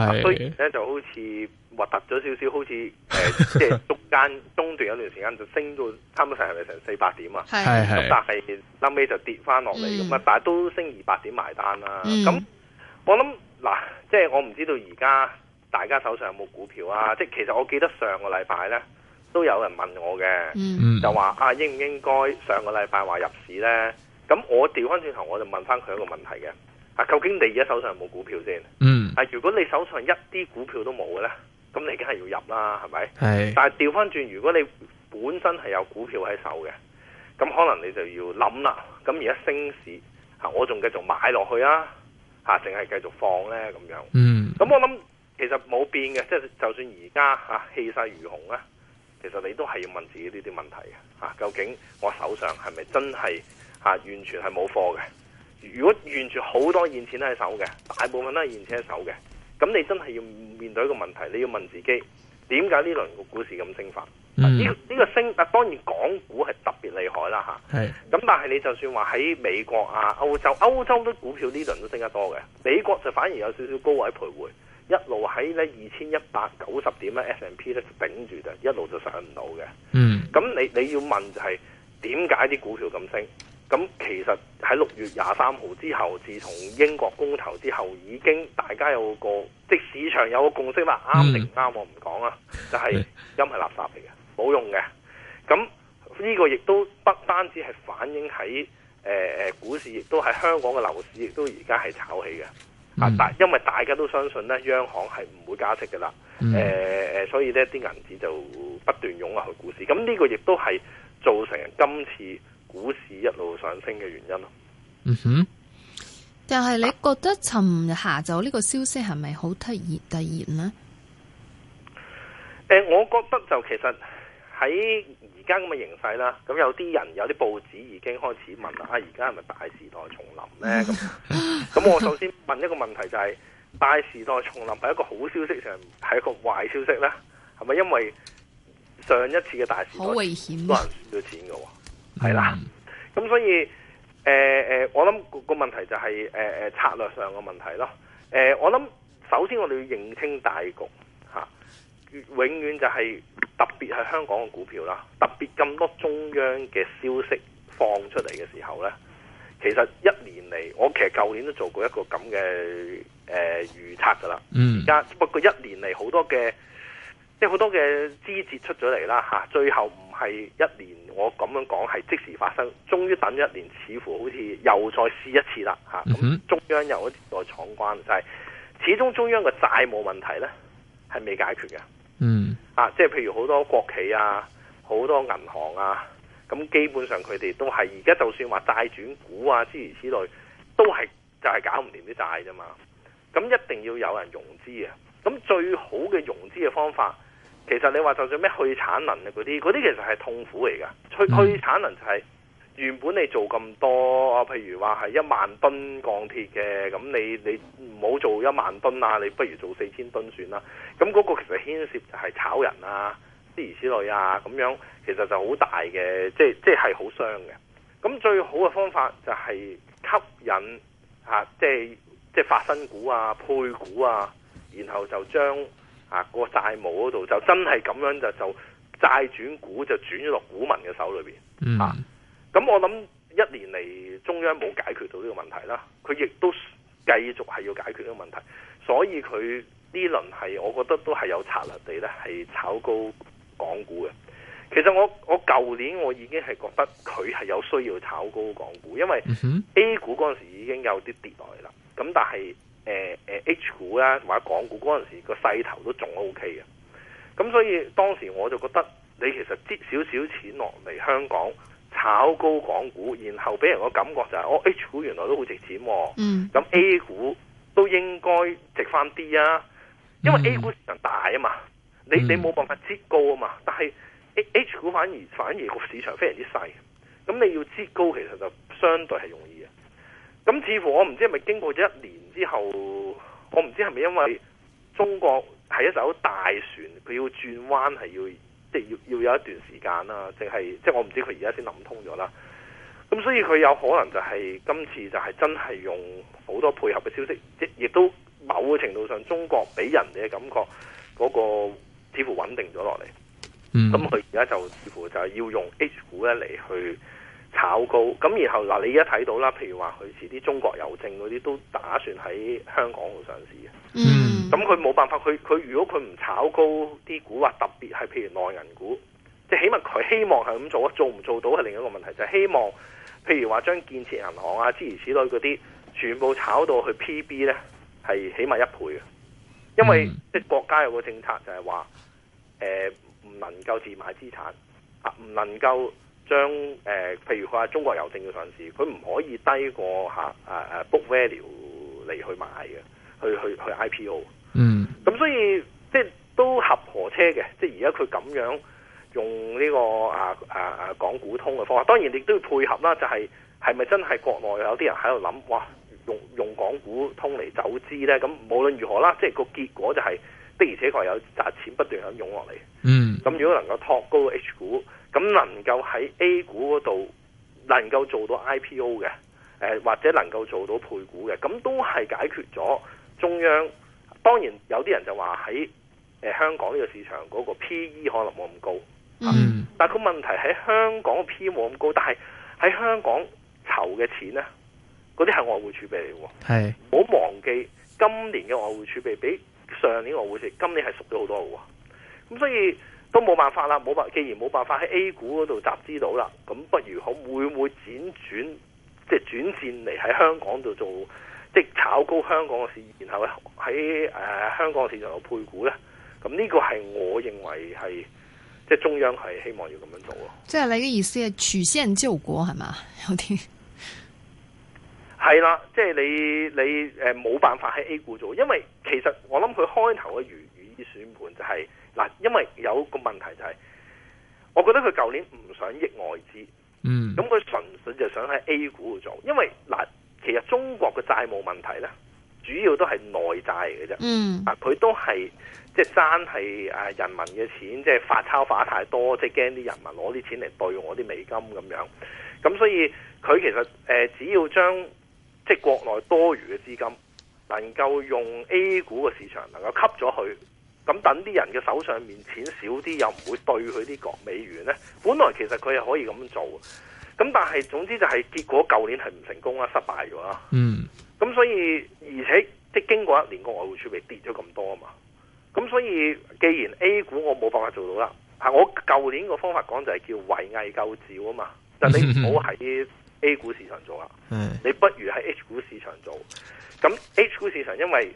啊、所以咧就好似核突咗少少，好似誒、呃，即係中間中段有段時間就升到差唔多成嚟成四百點啊， 但係後尾就跌翻落嚟咁啊，嗯、但係都升二百點埋單、嗯、啦。咁我諗嗱，即係我唔知道而家大家手上有冇股票啊？即係其實我記得上個禮拜咧都有人問我嘅，嗯、就話啊應唔應該上個禮拜話入市咧？咁我調翻轉頭，我就問翻佢一個問題嘅，啊，究竟你而家手上有冇股票先？嗯啊！如果你手上一啲股票都冇嘅咧，咁你梗係要入啦，係咪？係。但係調翻轉，如果你本身係有股票喺手嘅，咁可能你就要諗啦。咁而家升市，吓我仲繼續買落去啊？吓，淨係繼續放咧？咁樣。嗯。咁我諗，其實冇變嘅，即係就算而家吓氣勢如虹啊，其實你都係要問自己呢啲問題嘅。吓，究竟我手上係咪真係吓完全係冇貨嘅？如果完全好多現錢喺手嘅，大部分都係現錢喺手嘅，咁你真係要面對一個問題，你要問自己點解呢輪個股市咁升法？呢呢個升，啊、mm. 當然港股係特別厲害啦嚇。係是。咁但係你就算話喺美國啊、歐洲、歐洲啲股票呢輪都升得多嘅，美國就反而有少少高位徘徊，一路喺呢二千一百九十點咧 S and P 咧頂住就一路就上唔到嘅。嗯、mm.。咁你你要問就係點解啲股票咁升？咁其實喺六月廿三號之後，自從英國公投之後，已經大家有個即市場有個共識啦，啱定唔啱我唔講啊，就係、是、因為垃圾嚟嘅，冇用嘅。咁呢個亦都不單止係反映喺誒誒股市，亦都係香港嘅樓市，亦都而家係炒起嘅。嗯、啊但，因為大家都相信呢央行係唔會加息嘅啦。誒誒、嗯呃，所以呢啲銀紙就不斷湧入去股市。咁呢個亦都係造成今次股市一路上升嘅原因咯，嗯哼，但係你覺得尋日下晝呢個消息係咪好突然突然呢？誒、嗯，我覺得就其實喺而家咁嘅形勢啦，咁有啲人有啲報紙已經開始問啦，啊，而家係咪大時代重臨呢？咁咁，我首先問一個問題就係、是：大時代重臨係一個好消息定係一個壞消息呢？係咪因為上一次嘅大時代好危險，多人輸咗錢嘅。係啦，咁所以，誒誒，我諗個問題就係，誒誒，策略上嘅問題咯。誒，我諗首先我哋要認清大局，吓，永遠就係，特別係香港嘅股票啦，特別咁多中央嘅消息放出嚟嘅時候咧，其實一年嚟，我其實舊年都做過一個咁嘅誒預測噶啦。嗯。而家不過一年嚟好多嘅，即係好多嘅枝節出咗嚟啦，吓，最後唔。係一年，我咁樣講係即時發生，終於等一年，似乎好似又再試一次啦，吓咁、嗯、哼中央又一次再闖關，就係始終中央嘅債務問題呢，係未解決嘅。嗯，啊，即係譬如好多國企啊，好多銀行啊，咁基本上佢哋都係而家就算話債轉股啊，諸如此類，都係就係、是、搞唔掂啲債啫嘛。咁一定要有人融資啊，咁最好嘅融資嘅方法。其實你話就算咩去產能啊嗰啲，嗰啲其實係痛苦嚟噶。去去產能就係原本你做咁多，譬如話係一萬噸鋼鐵嘅，咁你你唔好做一萬噸啊，你不如做四千噸算啦。咁、那、嗰個其實牽涉就係炒人啊，之如此類啊，咁樣其實就好大嘅，即即係好傷嘅。咁最好嘅方法就係吸引嚇、啊，即即發新股啊、配股啊，然後就將。啊！個債務嗰度就真係咁樣就就債轉股，就轉咗落股民嘅手裏面。啊、嗯，咁我諗一年嚟中央冇解決到呢個問題啦，佢亦都繼續係要解決呢個問題，所以佢呢輪係我覺得都係有策略地咧，係炒高港股嘅。其實我我舊年我已經係覺得佢係有需要炒高港股，因為 A 股嗰時已經有啲跌落嚟啦。咁但係誒誒，H 股啊，或者港股嗰陣時個勢頭都仲 OK 嘅，咁所以當時我就覺得你其實積少少錢落嚟香港炒高港股，然後俾人個感覺就係、是、哦 H 股原來都好值錢、啊，咁 A 股都應該值翻啲啊，因為 A 股市場大啊嘛，你你冇辦法折高啊嘛，但係 H 股反而反而個市場非常之細，咁你要折高其實就相對係容易啊。咁似乎我唔知係咪經過咗一年。之後我唔知係咪因為中國係一艘大船，佢要轉彎係要即係要要有一段時間啦，淨係即係我唔知佢而家先諗通咗啦。咁所以佢有可能就係、是、今次就係真係用好多配合嘅消息，亦亦都某嘅程度上，中國俾人嘅感覺嗰、嗰個似乎穩定咗落嚟。咁佢而家就似乎就係要用 H 股咧嚟去炒高咁，然後嗱，你而家睇到啦，譬如話佢似啲中國郵政嗰啲都打算喺香港度上市嘅。嗯，咁佢冇辦法，佢佢如果佢唔炒高啲股話，或特別係譬如內銀股，即係起碼佢希望係咁做啊，做唔做到係另一個問題，就係希望譬如話將建設銀行啊，諸如此類嗰啲，全部炒到去 P B 呢，係起碼一倍嘅，因為即係國家有個政策就係話，呃唔能夠自買資產啊，唔能夠。將誒、呃，譬如佢話中國郵政嘅上市，佢唔可以低過嚇誒誒 book value 嚟去買嘅，去去去 IPO。嗯，咁所以即係都合河車嘅，即係而家佢咁樣用呢、這個啊啊啊港股通嘅方法。當然亦都要配合啦、就是，就係係咪真係國內有啲人喺度諗，哇，用用港股通嚟走資咧？咁無論如何啦，即係個結果就係、是、的而且確有砸錢不斷咁湧落嚟。嗯，咁如果能夠托高 H 股。咁能夠喺 A 股嗰度能夠做到 IPO 嘅、呃，或者能夠做到配股嘅，咁都係解決咗中央。當然有啲人就話喺香港呢個市場嗰個 PE 可能冇咁高，嗯，但係個問題喺香港嘅 PE 冇咁高，但係喺香港籌嘅錢呢，嗰啲係外匯儲備嚟嘅喎，係冇是 忘記今年嘅外匯儲備比上年外匯儲，今年係縮咗好多喎，咁所以。都冇辦法啦，冇辦，既然冇辦法喺 A 股嗰度集資到啦，咁不如可會唔會輾轉即係轉戰嚟喺香港度做，即、就、係、是、炒高香港嘅市，然後喺誒、呃、香港嘅市場度配股咧？咁呢個係我認為係即係中央係希望要咁樣做囉！即係你嘅意思係曲線救國係嘛？有啲係啦，即係、就是、你你誒冇、呃、辦法喺 A 股做，因為其實我諗佢開頭嘅如如意選盤就係、是。嗱，因為有個問題就係，我覺得佢舊年唔想益外資，嗯，咁佢純粹就想喺 A 股度做，因為嗱，其實中國嘅債務問題咧，主要都係內債嘅啫，嗯，啊，佢都係即係爭係誒人民嘅錢，即係發鈔發太多，即係驚啲人民攞啲錢嚟兌我啲美金咁樣，咁所以佢其實誒只要將即係國內多餘嘅資金，能夠用 A 股嘅市場能夠吸咗佢。咁等啲人嘅手上面錢少啲，又唔會對佢啲國美元呢。本來其實佢係可以咁做，咁但係總之就係結果舊年係唔成功啦，失敗咗啦。嗯。咁所以而且即係經過一年，個外匯儲備跌咗咁多啊嘛。咁所以既然 A 股我冇辦法做到啦，我舊年個方法講就係叫圍魏救趙啊嘛。但 你唔好喺 A 股市場做啦，你不如喺 H 股市場做。咁 H 股市場因為、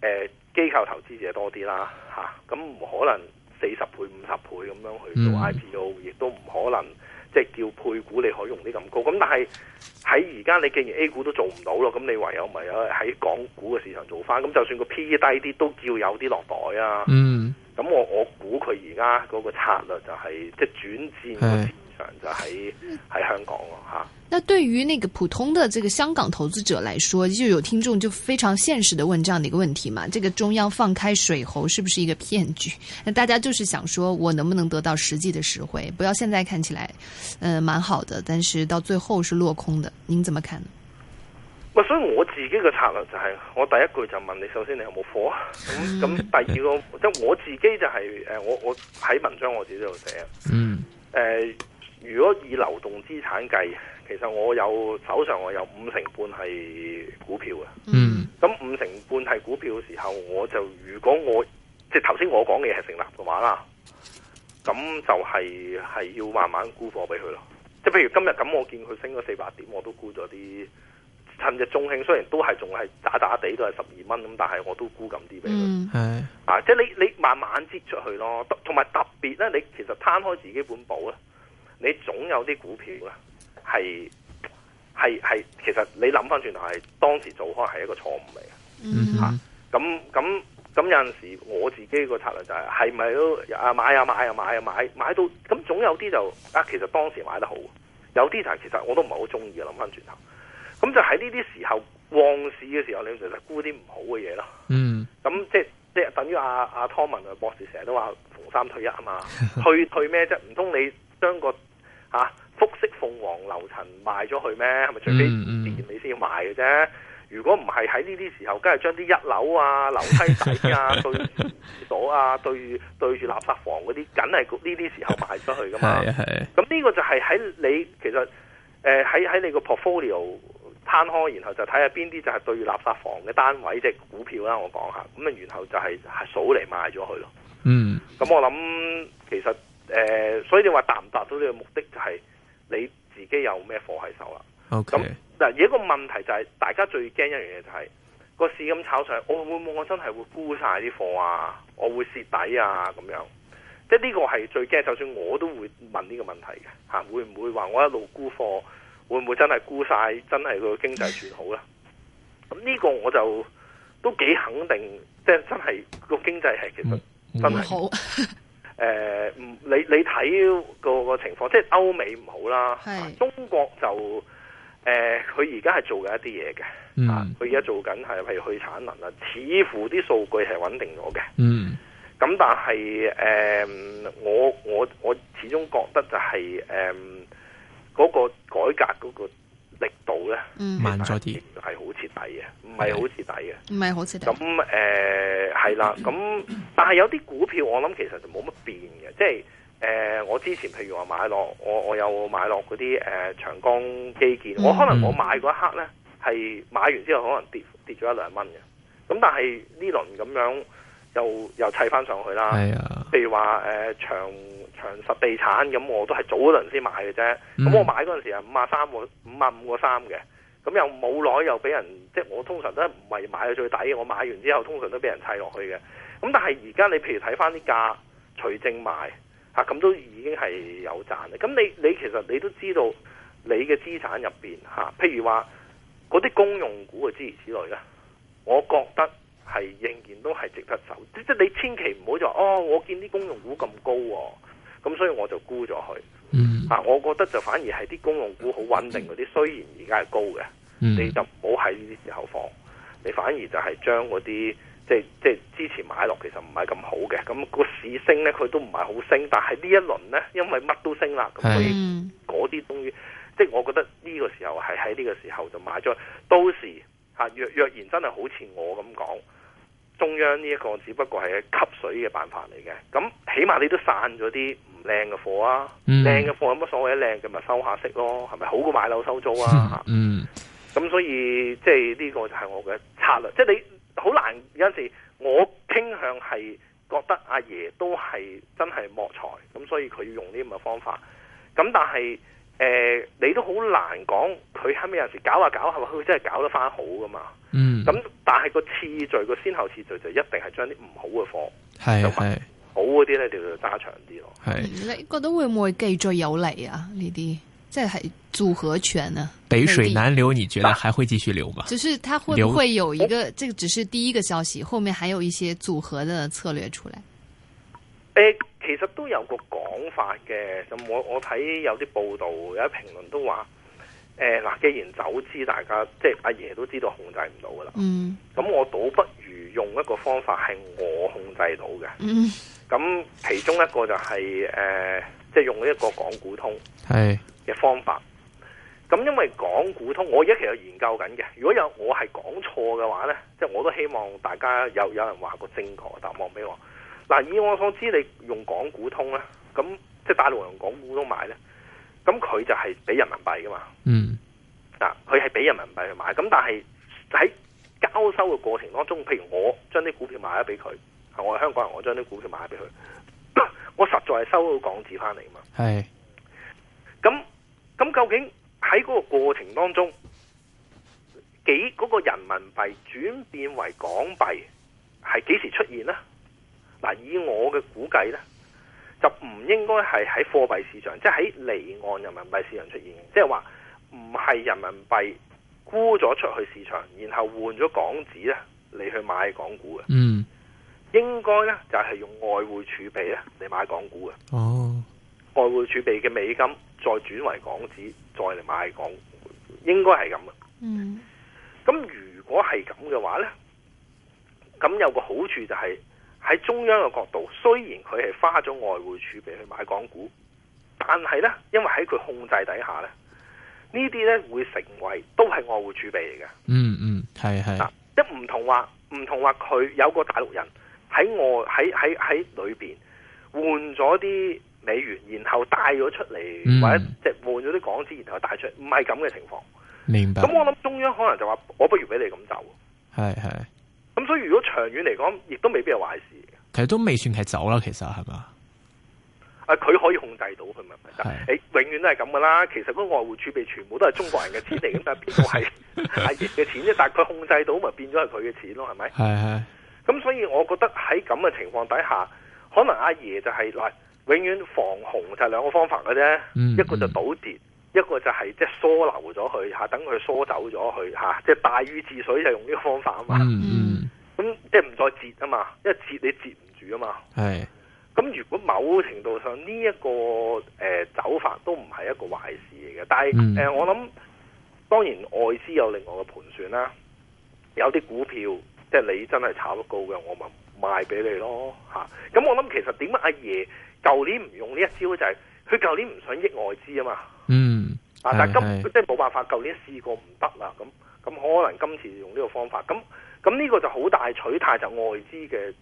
呃機構投資者多啲啦，吓咁唔可能四十倍、五十倍咁樣去做 IPO，亦都唔可能即係叫配股，你可以用啲咁高。咁但係喺而家你既然 A 股都做唔到咯，咁你唯有咪喺喺港股嘅市場做翻。咁就算個 PE 低啲，都叫有啲落袋啊。嗯，咁我我估佢而家嗰個策略就係即係轉戰。就喺喺香港咯吓。啊、那對於那個普通的這個香港投資者來說，就有聽眾就非常現實地問這樣的一個問題嘛？這個中央放開水喉是不是一個騙局？那大家就是想說我能不能得到實際的實惠？不要現在看起來，嗯、呃，蠻好的，但是到最後是落空的。您怎麼看？唔、嗯，所以我自己嘅策略就係、是，我第一句就問你，首先你有冇貨？咁咁第二個，嗯、即係我自己就係、是、誒，我我喺文章我自己有寫，嗯，誒、呃。如果以流動資產計，其實我有手上我有五成半係股票嘅。嗯。咁五成半係股票嘅時候，我就如果我即係頭先我講嘅嘢係成立嘅話啦，咁就係、是、係要慢慢沽貨俾佢咯。即係譬如今日咁，那我見佢升咗四百點，我都沽咗啲。趁日中興雖然都係仲係渣渣地都係十二蚊咁，但係我都沽咁啲俾佢。嗯係。是啊，即係你你慢慢擠出去咯。同同埋特別咧，你其實攤開自己本簿。咧。你總有啲股票咧，係係係，其實你諗翻轉頭係當時做可能係一個錯誤嚟嘅嚇。咁咁咁有陣時，我自己個策略就係係咪都啊買啊買啊買啊買，買到咁總有啲就啊其實當時買得好，有啲就其實我都唔係好中意嘅。諗翻轉頭，咁就喺呢啲時候旺市嘅時候，你就係沽啲唔好嘅嘢咯。嗯、mm，咁、hmm. 啊、即係即係等於阿、啊、阿、啊、湯文啊博士成日都話逢三退一啊嘛，退退咩啫？即唔通你將個嚇！復式、啊、鳳凰樓層賣咗去咩？係咪除非跌你先要賣嘅啫？嗯嗯、如果唔係喺呢啲時候，梗係將啲一,一樓啊、樓梯底啊、 對廁所啊、對住對住垃圾房嗰啲，梗係呢啲時候賣出去噶嘛？咁呢個就係喺你其實喺喺、呃、你個 portfolio 攤開，然後就睇下邊啲就係對住垃圾房嘅單位隻、即係、股票啦。我講下，咁啊，然後就係、係、數嚟賣咗佢咯。嗯。咁我諗其實。誒、呃，所以你話達唔達到呢個目的，就係你自己有咩貨喺手啦。咁嗱 Okay.，而一個問題就係、是，大家最驚一樣嘢就係、是、個市咁炒上，我會唔會我真係會沽晒啲貨啊？我會蝕底啊？咁樣，即係呢個係最驚。就算我都會問呢個問題嘅吓，會唔會話我一路沽貨，會唔會真係沽晒？真係 個，、就是那個經濟轉好咧？咁呢個我就都幾肯定，即係真係個經濟係其實真係不好。 誒，唔、呃、你你睇個情況，即係歐美唔好啦，是中國就誒，佢而家係做緊一啲嘢嘅，嗯、啊，佢而家做緊係譬如去產能啦，似乎啲數據係穩定咗嘅，嗯，咁但係誒、呃，我我我始終覺得就係、是、誒，嗰、呃嗰個改革嗰個力度咧，慢咗啲，係好徹底嘅，唔係好徹底嘅，唔係好徹底，咁誒。呃係啦，咁但係有啲股票我諗其實就冇乜變嘅。即係誒、呃、我之前譬如話買落，我我有買落嗰啲誒長江基建，我可能我買嗰一刻呢，係買完之後可能跌跌咗一兩蚊嘅，咁但係呢輪咁樣又又砌翻上去啦。哎呀譬如話誒、呃、長長實地產，咁我都係早嗰輪先買嘅啫，咁我買嗰陣時係五啊三個五啊五個三嘅。咁又冇耐又俾人即係，我通常都唔係買到最底，我買完之後通常都俾人砌落去嘅。咁但係而家你譬如睇翻啲價隨正賣咁、啊、都已經係有賺嘅。咁你你其實你都知道你嘅資產入面，吓、啊、譬如話嗰啲公用股嘅諸如此類咧，我覺得係仍然都係值得守。即、就、即、是、你千祈唔好就哦，我見啲公用股咁高喎、啊，咁所以我就沽咗佢。嗯嗱、啊，我覺得就反而係啲公用股好穩定嗰啲，雖然而家係高嘅，你就唔好喺呢啲時候放，你反而就係將嗰啲即即之前買落其實唔係咁好嘅，咁、嗰個市升咧佢都唔係好升，但係呢一輪咧，因為乜都升啦，咁所以嗰啲終於即我覺得呢個時候係喺呢個時候就買咗，到時嚇、啊、若若然真係好似我咁講。中央呢一個只不過係吸水嘅辦法嚟嘅，咁起碼你都散咗啲唔靚嘅貨啊，靚嘅貨有乜所謂？靚嘅咪收下息咯，係咪好過買樓收租啊？咁、嗯、所以即係呢、呢個就係我嘅策略，即係你好難有陣時，我傾向係覺得阿爺都係真係莫才，咁所以佢要用呢咁嘅方法，咁但係。誒、呃，你都好難講，佢後尾有時搞下、啊、搞下、啊，佢真係搞得翻好噶嘛？嗯。咁但係個次序，個先後次序就一定係將啲唔好嘅貨，係係好嗰啲咧，就要揸長啲咯。係是你覺得會唔會繼續有嚟啊？呢啲即係組合拳啊！北水南流，你覺得還會繼續流嗎？就是他會不會有一個？留哦、這個只是第一個消息，後面還有一些組合的策略出來。呃其實都有個講法嘅，咁我我睇有啲報道，有啲評論都話，誒、呃、嗱，既然走知大家即係阿爺都知道控制唔到噶啦，咁、嗯、我倒不如用一個方法係我控制到嘅，咁、嗯、其中一個就係、是、誒、呃，即係用一個港股通係嘅方法。咁是因為港股通，我而家其實研究緊嘅，如果有我係講錯嘅話咧，即係我都希望大家有有人話個正確答案俾我。嗱，以我所知，你用港股通咧，咁即係大陸人用港股通買咧，咁佢就係俾人民幣噶嘛。嗯。嗱，佢係俾人民幣去買，咁但係喺交收嘅過程當中，譬如我將啲股票賣咗俾佢，我係香港人，我將啲股票賣咗俾佢，我實在係收到港紙翻嚟噶嘛。係。咁咁究竟喺嗰個過程當中，幾嗰個人民幣轉變為港幣係幾時出現呢？嗱，以我嘅估計咧，就唔應該係喺貨幣市場，即係喺離岸人民幣市場出現嘅，即係話唔係人民幣沽咗出去市場，然後換咗港紙咧嚟去買港股嘅。嗯，應該咧就係用外匯儲備咧嚟買港股嘅。哦，外匯儲備嘅美金再轉為港紙，再嚟買港股。應該係咁嘅。嗯，咁如果係咁嘅話咧，咁有個好處就係。喺中央嘅角度，雖然佢係花咗外匯儲備去買港股，但係呢，因為喺佢控制底下呢，這些呢啲呢會成為都係外匯儲備嚟嘅、嗯。嗯嗯，係係。嗱、啊，即唔同話，唔同話，佢有個大陸人喺外喺喺喺裏邊換咗啲美元，然後帶咗出嚟，嗯、或者即係換咗啲港紙，然後帶出來，唔係咁嘅情況。明白。咁我諗中央可能就話，我不如俾你咁走。係係。是咁所以如果長遠嚟講，亦都未必係壞事。其實都未算係走啦，其實係嘛？是吧啊，佢可以控制到佢咪？誒是、欸，永遠都係咁噶啦。其實個外匯儲備全部都係中國人嘅錢嚟，咁 但係邊個係阿爺嘅錢啫？但係佢控制到他的，咪變咗係佢嘅錢咯？係咪是？係係。咁所以我覺得喺咁嘅情況底下，可能阿爺就係，嗱，永遠防洪就係兩個方法嘅啫。嗯、一個就倒跌。嗯一個就係即係疏流咗佢吓，等佢疏走咗佢。吓、啊，即、就、係、是、大禹治水就用呢個方法啊嘛。嗯，咁即係唔再截啊嘛，因為截你截唔住啊嘛。係，咁如果某程度上呢一、這個誒、呃、走法都唔係一個壞事嚟嘅，但係誒、嗯呃、我諗，當然外資有另外嘅盤算啦，有啲股票即係、就是、你真係炒得高嘅，我咪賣俾你咯吓。咁、啊、我諗其實點解阿爺舊年唔用呢一招就係佢舊年唔想益外資啊嘛。嗯。但今是是即係冇辦法，舊年試過唔得啦，咁咁可能今次用呢個方法，咁咁呢個就好大取態就是、外資嘅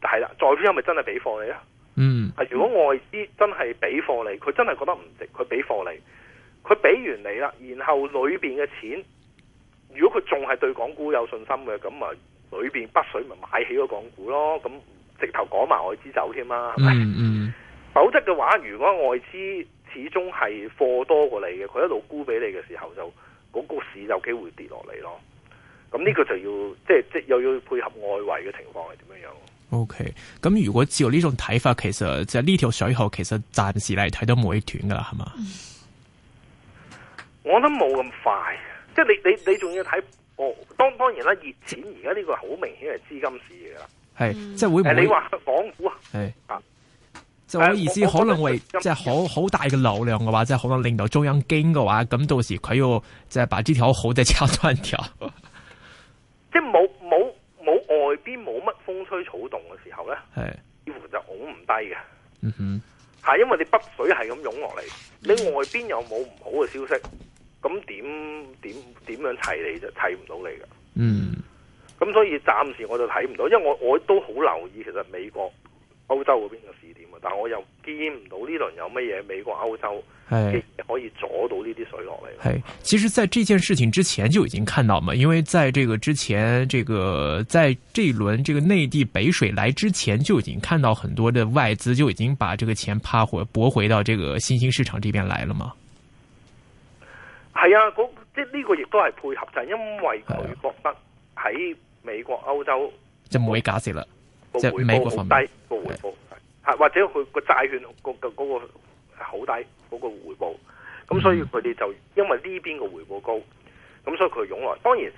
係啦。再之，係咪真係俾貨你咧？嗯，如果外資真係俾貨你，佢真係覺得唔值，佢俾貨你，佢俾完你啦，然後裏邊嘅錢，如果佢仲係對港股有信心嘅，咁咪裏邊北水咪買起個港股咯，咁直頭趕埋外資走添啦，係咪？嗯，嗯。否則嘅話，如果外資，始終係貨多過你嘅，佢一路沽俾你嘅時候，就、那、嗰個市就有機會跌落嚟咯。咁呢個就要即係即係又要配合外圍嘅情況係點樣？O K，咁如果照呢種睇法，其實就呢條水喉其實暫時嚟睇都冇會斷噶啦，係嘛？我諗冇咁快，即係你你你仲要睇，我、哦、當當然啦，熱錢而家呢個好明顯係資金市嘅啦，係即係會唔會？你話港股啊？係啊。就 我意思，可能會即係好好大嘅流量嘅話，即係可能令到中央驚嘅話，咁到時佢要這條條即係把支條好嘅拆斷條。即係冇冇冇外邊冇乜風吹草動嘅時候咧，係幾是乎就好唔低嘅。嗯哼，係因為你北水係咁湧落嚟，你外邊又冇唔好嘅消息，咁點點點樣睇你就睇唔到你嘅。嗯，咁所以暫時我就睇唔到，因為我我都好留意其實美國、歐洲嗰邊嘅市但我又見唔到呢輪有乜嘢美國歐洲可以阻到呢啲水落嚟。係，其實在這件事情之前，就已經看到嘛。因為在這個之前，這個在這輪這個內地北水來之前，就已經看到很多的外資，就已經把這個錢拋回撥回到這個新興市場這邊來了嘛。係、hey, 啊，嗰即係呢個亦都係配合，就係、是、因為佢覺得喺美國歐洲假設啦，即係美國方面。或者佢個債券個個嗰個好低嗰個回報，咁所以佢哋就因為呢邊個回報高，咁所以佢哋湧來。當然，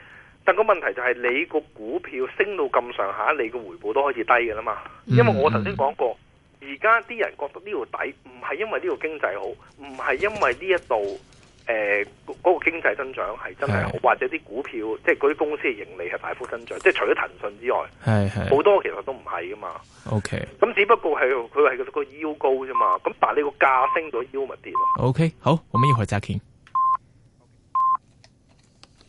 但個問題就係你個股票升到咁上下，你個回報都開始低㗎啦嘛。因為我頭先講過，而家啲人覺得呢條底唔係因為呢個經濟好，唔係因為呢一度。誒，嗰、呃那個經濟增長係真係，好或者啲股票，即係嗰啲公司嘅盈利係大幅增長，即、就、係、是、除咗騰訊之外，係係好多其實都唔係噶嘛。OK，咁只不過係佢話個腰高啫嘛，咁但係個價升咗腰咪啲咯。OK，好，我們一會再傾。